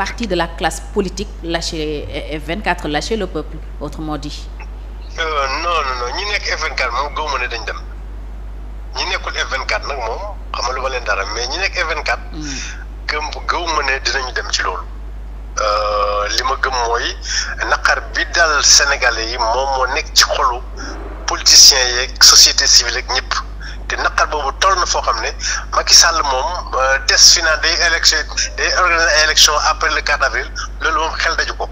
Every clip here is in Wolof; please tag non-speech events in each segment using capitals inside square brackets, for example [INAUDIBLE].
partie de la classe politique lâcher euh, F24 lâcher le peuple autrement dit. Euh, non non ñi nekk F24 moom gëmuma ne dañu dem ñi nekkul vingt quatre nag moom ma leen dara mais ñi nekk F24. Hmm. gëm gëmuma ne dinañ dem ci loolu. Euh, li ma gëm mooy naqar bi dal Sénégalais yi moom moo nekk ci xolu politiciens yeeg société civile ak ñëpp. te naqar boobu toll na foo xam ne Macky Sall moom des euh, fi naan day élection day organiser ay élection après le 4 avril loolu moom xel daju ko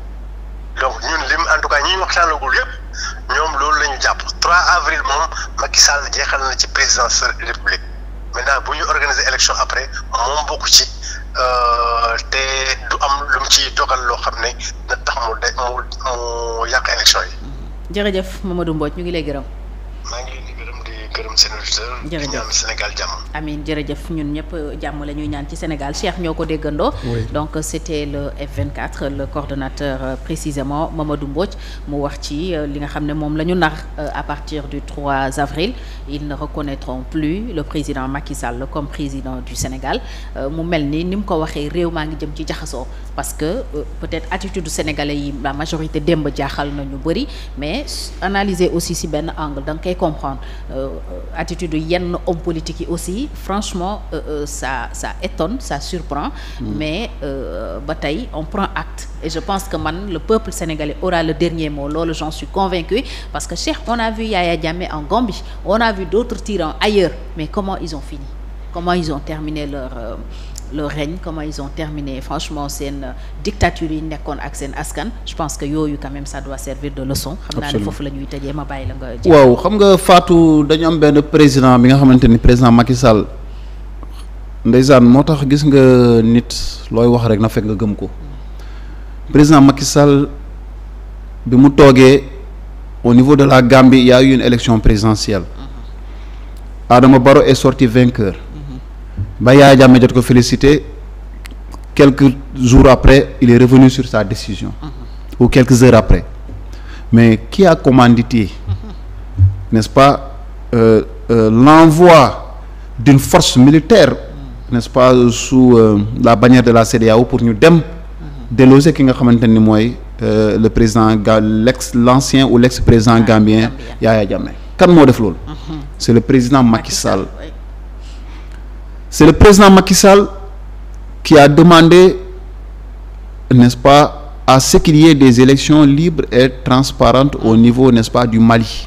donc ñun lim en tout cas ñi ñu waxtaanagul yëpp ñoom loolu la ñu jàpp 3 avril moom Macky Sall jeexal na ci présidence république maintenant bu ñu organiser élection après moom bokk ci euh, te du am lu mu ci dogal loo xam ne na tax mu de mu mu yàq élection yi. jërëjëf Mamadou Mbodj ñu ngi lay gërëm. gërëm seen jërëjëf ñun ñëpp euh, jàmm la ñuy ñaan ci Sénégal Cheikh ñoo ko déggandoo donc c'était le f le coordonnateur euh, précisément Mamadou Mbodj mu wax ci euh, li nga xam ne moom la ñu nar à partir du 3 avril ils ne reconnaîtront plus le président Macky Sall comme président du Sénégal mu mel ni ni mu ko waxee réew maa ngi jëm ci jaxasoo parce que peut-être attitude sénégalais yi la majorité démb jaaxal na ñu bëri mais analyser aussi si benn angle da nga koy comprendre attitude yenn homme politique yi aussi franchement euh, euh, ça ça étonne ça surprend mm. mais euh, ba tey on prend acte et je pense que man le peuple sénégalais aura le dernier mot loolu j'en suis convaincu parce que Cheikh on a vu Yaya Jammeh en Gambie on a vu d'autres tyrans ailleurs mais comment ils ont fini comment ils ont terminé leur le règne comment ils ont terminé franchement seen euh, dictature yi nekkoon ak seen askan je pense que yooyu quand même ça doit servir de leçon xam naa ne foofu la ñuy tëjee nga waaw xam nga dañu am benn président bi nga xamante ni président Macky Sall ndeysaan moo tax gis nga nit looy wax rek na fekk nga gëm ko président Macky bi mu toogee au niveau de la Gambie il y a eu une élection présidentielle mm-hmm. Adama Barrow est sorti vainqueur ba Yaya Jammeh jot ko félicité quelques jours après il est revenu sur sa décision mm-hmm. ou quelques heures après mais qui a commandité mm-hmm. n'est-ce pas euh, euh, l'envoi d'une force militaire mm. n'est-ce pas sous euh, la bannière de la CEDEAO pour ñu dem mm-hmm. déloger ki nga xamante ni mooy euh, le président ga l'ex l'ancien ou l'ex-président ah, gambien Yaya Jammeh kan moo def loolu c'est le président Macky Sall c'est le président Macky Sall qui a demandé n'est-ce pas à ce des élections libres et transparentes au niveau n'est-ce pas du Mali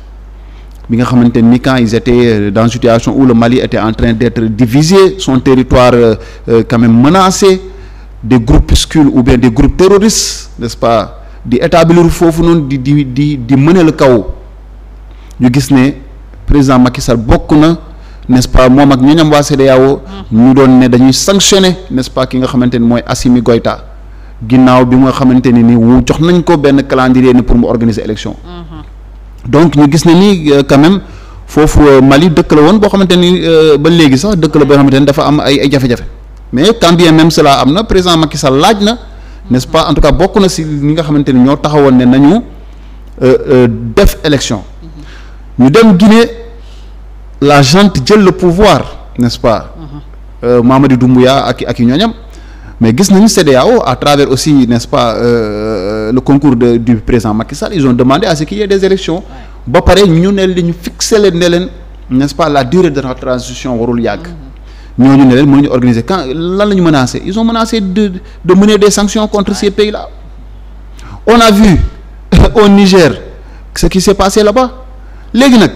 bi nga xamante ni quand ils étaient euh, dans situation où le Mali était en train d'être divisé son territoire euh, euh, quand même menacé des groupuscules ou bien des groupes terroristes n'est-ce pas di établir foofu noonu di di di di mënal kaw ñu gis ne président Macky bokk na n'est-ce pas moom ak ñooñam waa CEDEAO ñu doon ne dañuy sanctionner n'est-ce pas ki nga xamante ni mooy Assimi Goïta ginnaaw bi nga xamante ni ni wu jox nañ ko benn calendrier ni pour mu organiser élection mm-hmm. donc ñu gis ne ni euh, quand foofu euh, Mali dëkk la woon boo xamante ni euh, ba léegi sax dëkk la boo xamante ni dafa am ay ay jafe-jafe mais quand bien même am na président Macky sa laaj na nest pas en tout cas bokk na si ñi nga xamante ni ñoo taxawoon ne nañu def élection mm-hmm. ñu la junte jël le pouvoir n'est-ce pas uh-huh. euh, Mamadi Doumbouya ak ak i ñooñam mais gis nañu CEDEAO à travers aussi n'est-ce pas euh, euh, le concours de du président Macky Sall ils ont demandé à ce qu'il y des élections ba pare ñu ne li ñu fixé ne leen nest pas la durée de la transition warul yàgg uh-huh. ñooñu ne leen mënuñu organiser quand lan la ñu menacé ils ont menacé de de mener des sanctions contre ces pays la on a vu [LAUGHS] au Niger ce qui s'est passé là-bas léegi nag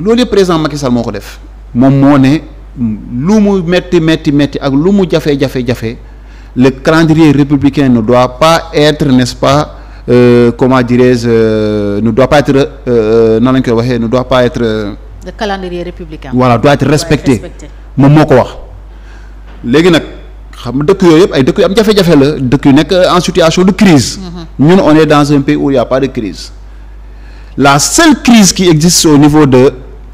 loolu yëpp président Macky Sall moo ko def moom moo ne lu mu metti metti metti ak lu mu jafe jafe jafe le calendrier républicain ne doit pas être n'est-ce euh, comment dirais-je euh, ne doit euh, euh, nan lañ koy waxee ne doit pas républicain. voilà doit être respecté moom moo ko wax léegi nag. xam nga dëkk yooyu yëpp ay am jafe la dëkk yu nekk en situation de crise mm-hmm. ñun mm -hmm. on dans un pays où il de crise la seule crise qui existe au niveau de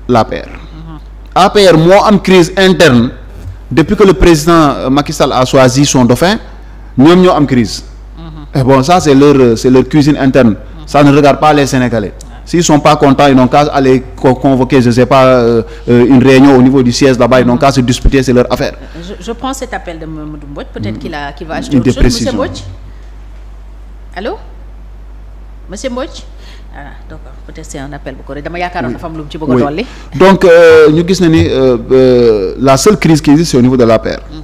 l'APR uh-huh. APR moo am crise interne depuis que le président euh, Macky Sall a choisi son dauphin ñoom ñoo am crise uh-huh. et bon ça c'est leur euh, c'est leur cuisine interne uh-huh. ça ne regarde pas les Sénégalais s'ils sont pas contents ils n'ont qu'à aller convoquer je sais pas euh, euh, une réunion au niveau du siège là ils n'ont qu'à se disputer c'est leur affaire je, je prends cet appel de Mamadou Mbodj peut-être mm. qu'il a qu'il va ajouter ah d'accord peut-être dama yaakaaroon dafa am lu mu ci bëgg a dolli. donc euh, ñu gis na ni euh, euh, la seule crise qui existe c'est au niveau de l'APR. Mm-hmm.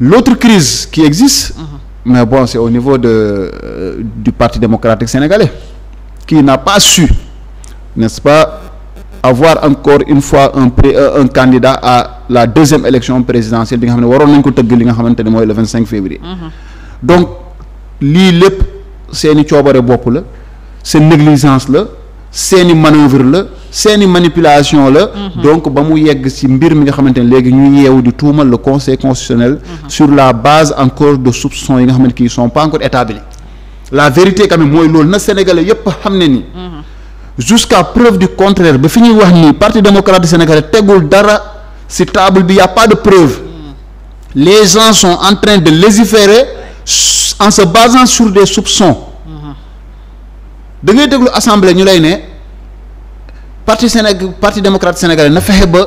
l'autre crise qui existe. Mm-hmm. mais bon c'est au niveau de du Parti démocratique sénégalais. qui n'a pas su n'est-ce pas avoir encore une fois un pré un candidat à la deuxième élection présidentielle bi nga xam ne waroon nañ ko tëgg li nga xamante ne mooy le vingt cinq février. Mm-hmm. donc lii lépp seeni coobare bopp la. seen négligence la seeni manœuvre la seeni manipulation la mhm. donc ba mu yegg ci mbir mi nga xamante ne léegi ñu yeewu di tuumal le conseil constitutionnel mhm. sur la base encore de soupçons yi nga xamante qui son pas encore établis la vérité quand mooy loolu na sénégalais yépp xam ne ni mhm. jusqu'à preuve du contraire ba fi ñuy wax nii parti démocratique sénégalais tegul dara ci table bi y a pas de preuve les gens sont en train de légiférer en se basant sur des soupçons da ngay déglu assemblée ñu lay ne parti Sénégal parti démocrate sénégalais na fexe ba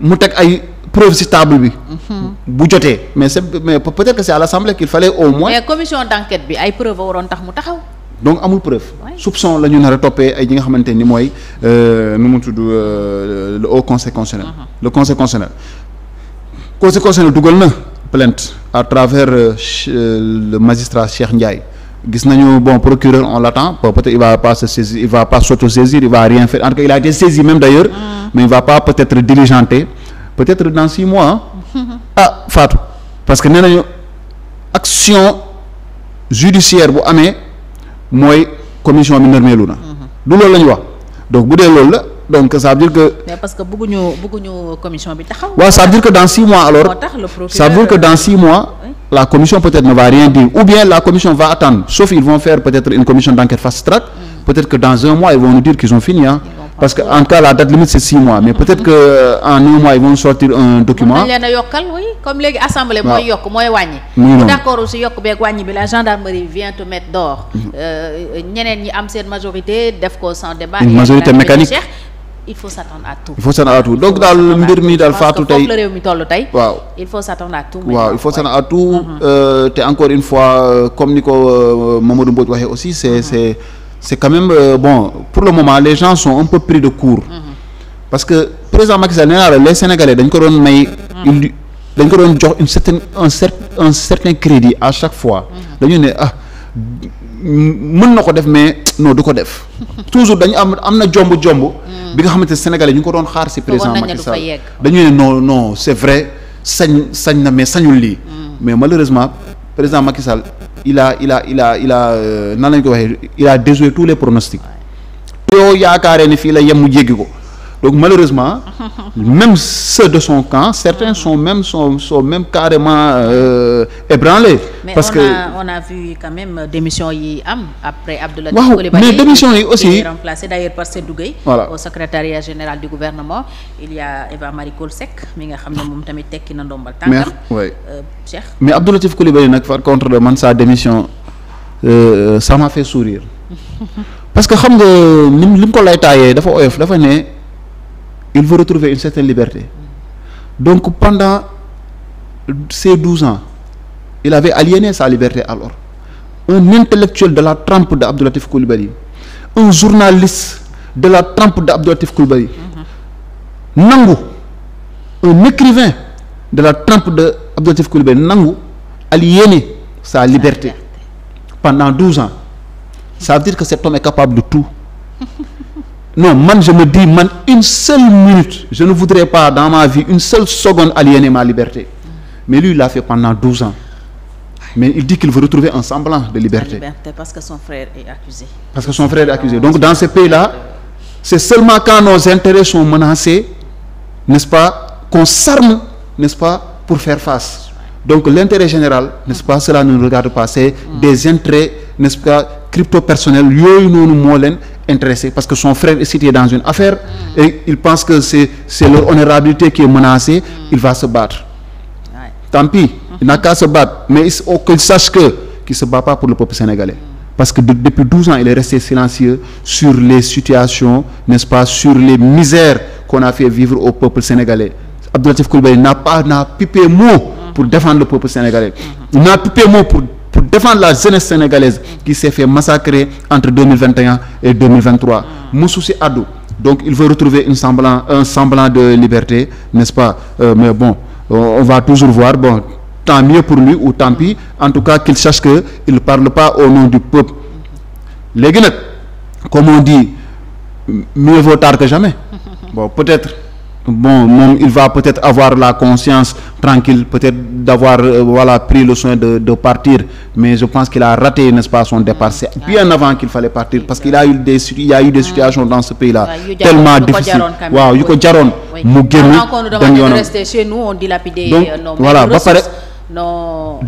mu teg ay preuve ci table bi. Mm-hmm. bu jotee mais c'est mais peut-être que c'est à l'assemblée qu'il fallait au moins. mais commission d'enquête bi ay preuve waroon tax mu taxaw. donc amul preuve soupçon la ñu nar a toppee ay ñi nga xamante ni mooy euh, nu mu tudd euh, le haut conseil constitutionnel. Mm-hmm. le conseil constitutionnel. conseil dugal na plainte à travers euh, le magistrat Cheikh Ndiaye. gis nañu bon procureur on l'attend peut-être il va pas se saisir il va pas s'autosaisir il va rien faire en tout cas il a été saisi même d'ailleurs ah. mais il va pas peut-être diligenter peut-être dans six mois [LAUGHS] ah Fatou parce que nee nañu action judiciaire bu amee mooy commission bi nërmeelu na mhm. du loolu la ñu wax donc bu dee loolu la donc ça veut dire que. mais parce que bëgguñu bëgguñu commission bi taxaw. waaw le procureur ça veut dire que dans six mois. la commission peut-être ne va rien dire ou bien la commission va attendre sauf ils vont faire peut-être une commission d'enquête fast track peut-être que dans un mois ils vont nous dire qu'ils ont fini parce que en cas la date limite c'est six mois mais peut-être que euh, en un mois ils vont sortir un document. mën leen yokkal comme léegi assemblée. waaw mooy yokk mooy wàññi. bu d'accord aussi yokk beeg wàññi bi la gendarmerie vient te mettre dehors. Mm-hmm. Euh, am seen majorité def ko sans débat. une majorité mécanique il faut s'attendre à tout. tout donc daal mbir mi daal faatu tey réew mi toll tey. waaw il faut s'attendre à tout. tout. Mm-hmm. Euh, te encore une fois euh, comme ni ko euh, Mamadou Mbodj waxee aussi c'est mm-hmm. c'est c'est quand même bon pour le moment les gens sont un peu pris de court. Mm-hmm. parce que président Macky Sall nee naa les Sénégalais dañ ko doon may. dañ ko doon jox une certaine un certain un certain crédit à chaque fois. dañu ne ah. mën na ko def mais non du ko def toujours dañu am am na jomb jomb. bi nga xamante ne Sénégalais ñu ngi ko doon xaar si président Macky Sall dañu ne non no c'est vrai sañ sañ na mais sañul lii. Mm. mais malheureusement président Macky Sall il a il a il euh, nan lañ ko waxee il a déjoué tous les pronostics. yoo yaakaaree ne fii la yem mu jéggi ko. donc malheureusement même ceux de son camp certains mhm. sont même sont sont même carrément euh, parce que a on a vu quand démission yi am après Abdoulaye waaw mais démission yi aussi qui mi nga xam ne moom tamit tekki na ndombal tànkam. mais euh, mais Abdou Latif Coulibaly nag par contre man sa démission euh, ça m'a fait sourire [LAUGHS] parce que xam nga ni li mu ko lay taayee dafa oyof dafa ne. il veut retrouver une certaine liberté donc pendant ces douze ans il avait aliéné sa liberté alors un intellectuel de la trempe de Abdou Latif Coulibaly un journaliste de la trempe de Abdou Latif Coulibaly nangu un écrivain de la trempe de Abdou Latif Coulibaly nangu aliéné sa liberté pendant douze ans ça veut dire que cet homme est capable de tout non man je me dis man une seule minute je ne voudrais pas dans ma vie une seule seconde aliéner ma liberté mais lui il l'a fait pendant douze ans mais il dit qu'il veut retrouver un semblant de liberté. parce que son frère est accusé. parce que son frère est accusé donc dans ce pays là c'est seulement quand nos intérêts sont menacés n'est-ce pas qu'on s'arme n'est-ce pas pour faire face donc l'intérêt général n'est-ce pas cela ne nous regarde pas c'est des intérêts n'est-ce pas crypto yooyu noonu intéressé parce que son frère est cité dans une affaire et il pense que c'est c'est leur honorabilité qui est menacée il va se battre tant pis il n'a qu'à se battre mais oh, qu'il sache que qu'il se bat pas pour le peuple sénégalais parce que de, depuis douze ans il est resté silencieux sur les situations n'est-ce pas sur les misères qu'on a fait vivre au peuple sénégalais Abdou Latif Coulibaly n'a pas n'a pipé mot pour défendre le peuple sénégalais défendre la jeunesse sénégalaise qui s'est fait massacrer entre 2021 et 2023 mosu si àddu donc il veut retrouver une semblant un semblant de liberté n'est-ce pas euh, mais bon on va toujours voir bon tant mieux pour lui ou tant pis en tout cas qu'il sache que il parle pas au nom du peuple léegi nag comme on dit mieux vaut que jamais bon peut-être bon moom il va peut-être avoir la conscience tranquille peut-être d'avoir euh, pris le soin de partir mais je pense qu'il a raté nest pas son départ mm. c'est bien ah. avant qu'il fallait partir parce qu'il a eu des y a eu des ah. situations dans ce pays-là tellement difficiles waaw yu ko jaroon mu génn dem yoonam donc euh, voilà ba pare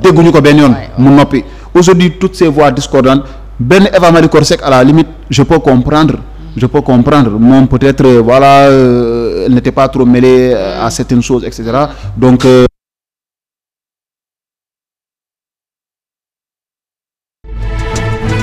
dégguñu ko benn yoon mu noppi aujourd'hui toutes ces voix discordantes benn Eva Marie Coll à la limite je peux comprendre je peux comprendre moom peut-être voilà euh, elle n'était pas trop mêlée euh, à certaines choses et cetera donc. Euh,